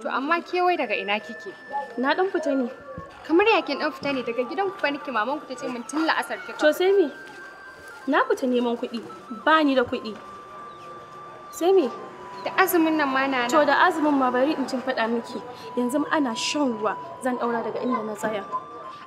To amma ke wai daga ina kike? Na dan fita ne. Kamar ya kin dan fita ne daga gidan ku nake maman ku tace min tun la'asar kika. To sai me? Na fita neman kuɗi, ba ni da kuɗi. Sai me? Da azumin nan ma na To da azumin ma bari in cin faɗa miki. Yanzu ana shan ruwa, zan ɗaura daga inda na tsaya.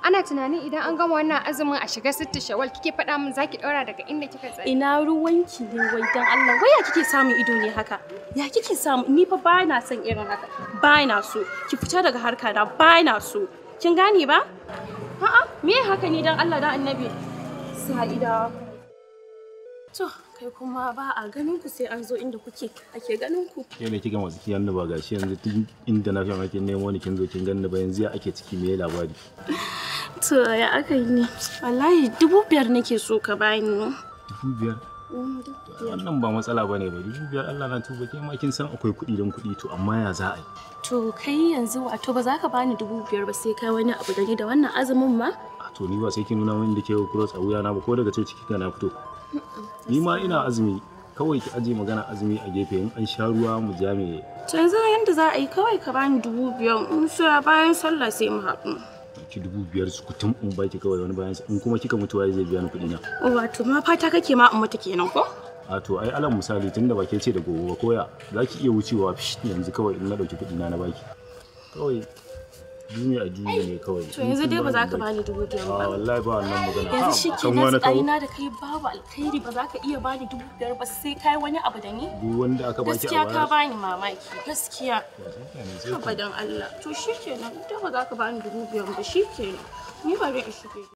ana tunanin idan an gama wannan azumin a shiga sittin shawal kike faɗa min zaki ɗaura daga inda kika tsaya ina ruwanki ne wai dan Allah wai ya kike samun ido ne haka ya kike samu ni fa ba na son irin haka ba na so ki fita daga harka na ba na so kin gane ba a'a me haka ne dan Allah dan annabi sa'ida To, kai kuma ba a ganin ku sai an zo inda kuke ake ganin ku. Ke ne kika masu kiyan ba gashi yanzu tun inda na fiye ake nemo ni kin zo kin ganni ba yanzu ya ake ciki me labari. To ya aka yi ne? Wallahi dubu biyar nake so ka bani. Mm, dubu biyar? Wannan ba matsala ba ne ba dubu biyar Allah na tuba ke ma kin san akwai kuɗi don kuɗi to amma ya za a yi. To kai yanzu wato ba za ka bani dubu biyar ba sai kai wani abu gani da wannan azumin ma to ni ba sai ki nuna min inda ke cross a wuya na ba ko daga coci ciki na fito ni ma ina azumi kawai ki aje magana azumi a gefe in an sha ruwa mu ja to yanzu yanda za a yi kawai ka bani dubu biyar in sha bayan sallah sai mu haɗu ki dubu biyar su kutum in baki kawai wani bayan in kuma kika mutuwa zai biya ni kuɗi na wato ma fata kake ma in mutu kenan ko a to ai alal misali tunda ba ke ce da gobe ba koya za ki iya wucewa yanzu kawai in na ɗauki kuɗi na na baki kawai duniya a duniya ne kawai to yanzu dai ba za ka bani dubu biyar ba wallahi ba wannan magana yanzu shi ke nan tsaina da kai babu alkhairi ba za ka iya bani dubu biyar ba sai kai wani abu da ni duk wanda aka baki gaskiya ka bani mamaki gaskiya abadan Allah to shi ke nan ba za ka bani dubu biyar ba shi ke ni ba zai shi